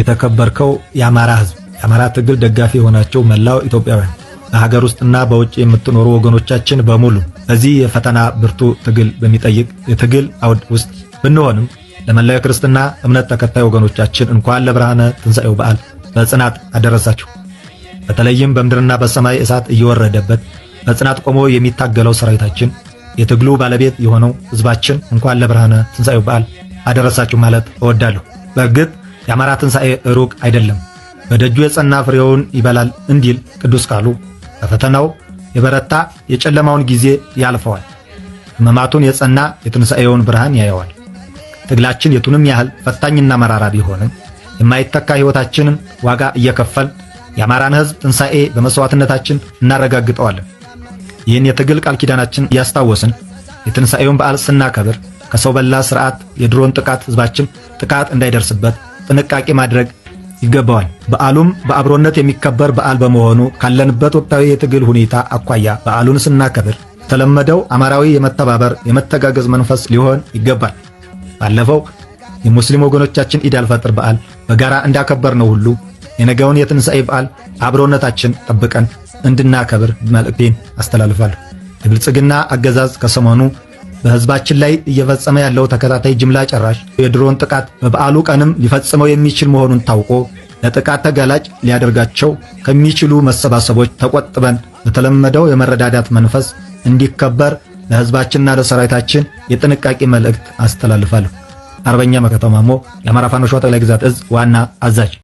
የተከበርከው የአማራ ህዝብ የአማራ ትግል ደጋፊ የሆናቸው መላው ኢትዮጵያውያን በሀገር ውስጥና በውጭ የምትኖሩ ወገኖቻችን በሙሉ በዚህ የፈተና ብርቱ ትግል በሚጠይቅ የትግል አውድ ውስጥ ብንሆንም ለመላው የክርስትና እምነት ተከታይ ወገኖቻችን እንኳን ለብርሃነ ትንሣኤው በዓል በጽናት አደረሳችሁ። በተለይም በምድርና በሰማይ እሳት እየወረደበት በጽናት ቆሞ የሚታገለው ሰራዊታችን የትግሉ ባለቤት የሆነው ህዝባችን እንኳን ለብርሃነ ትንሣኤው በዓል አደረሳችሁ ማለት እወዳለሁ። በእርግጥ የአማራ ትንሣኤ ሩቅ አይደለም፣ በደጁ የጸና ፍሬውን ይበላል እንዲል ቅዱስ ቃሉ በፈተናው የበረታ የጨለማውን ጊዜ ያልፈዋል። ሕማማቱን የጸና የትንሣኤውን ብርሃን ያየዋል። ትግላችን የቱንም ያህል ፈታኝና መራራ ቢሆንም የማይተካ ሕይወታችንን ዋጋ እየከፈል የአማራን ሕዝብ ትንሣኤ በመሥዋዕትነታችን እናረጋግጠዋለን። ይህን የትግል ቃል ኪዳናችን እያስታወስን የትንሣኤውን በዓል ስናከብር ከሰው በላ ሥርዓት የድሮን ጥቃት ሕዝባችን ጥቃት እንዳይደርስበት ጥንቃቄ ማድረግ ይገባዋል። በዓሉም በአብሮነት የሚከበር በዓል በመሆኑ ካለንበት ወቅታዊ የትግል ሁኔታ አኳያ በዓሉን ስናከብር የተለመደው አማራዊ የመተባበር የመተጋገዝ መንፈስ ሊሆን ይገባል። ባለፈው የሙስሊም ወገኖቻችን ኢድ አልፈጥር በዓል በጋራ እንዳከበርነው ሁሉ የነገውን የትንሣኤ በዓል አብሮነታችን ጠብቀን እንድናከብር መልእክቴን አስተላልፋለሁ። የብልጽግና አገዛዝ ከሰሞኑ በህዝባችን ላይ እየፈጸመ ያለው ተከታታይ ጅምላ ጨራሽ የድሮን ጥቃት በበዓሉ ቀንም ሊፈጽመው የሚችል መሆኑን ታውቆ ለጥቃት ተጋላጭ ሊያደርጋቸው ከሚችሉ መሰባሰቦች ተቆጥበን በተለመደው የመረዳዳት መንፈስ እንዲከበር ለህዝባችንና ለሰራዊታችን የጥንቃቄ መልእክት አስተላልፋለሁ። አርበኛ መከተማሞ ማሞ የአማራ ፋኖ ሸዋ ጠቅላይ ግዛት እዝ ዋና አዛዥ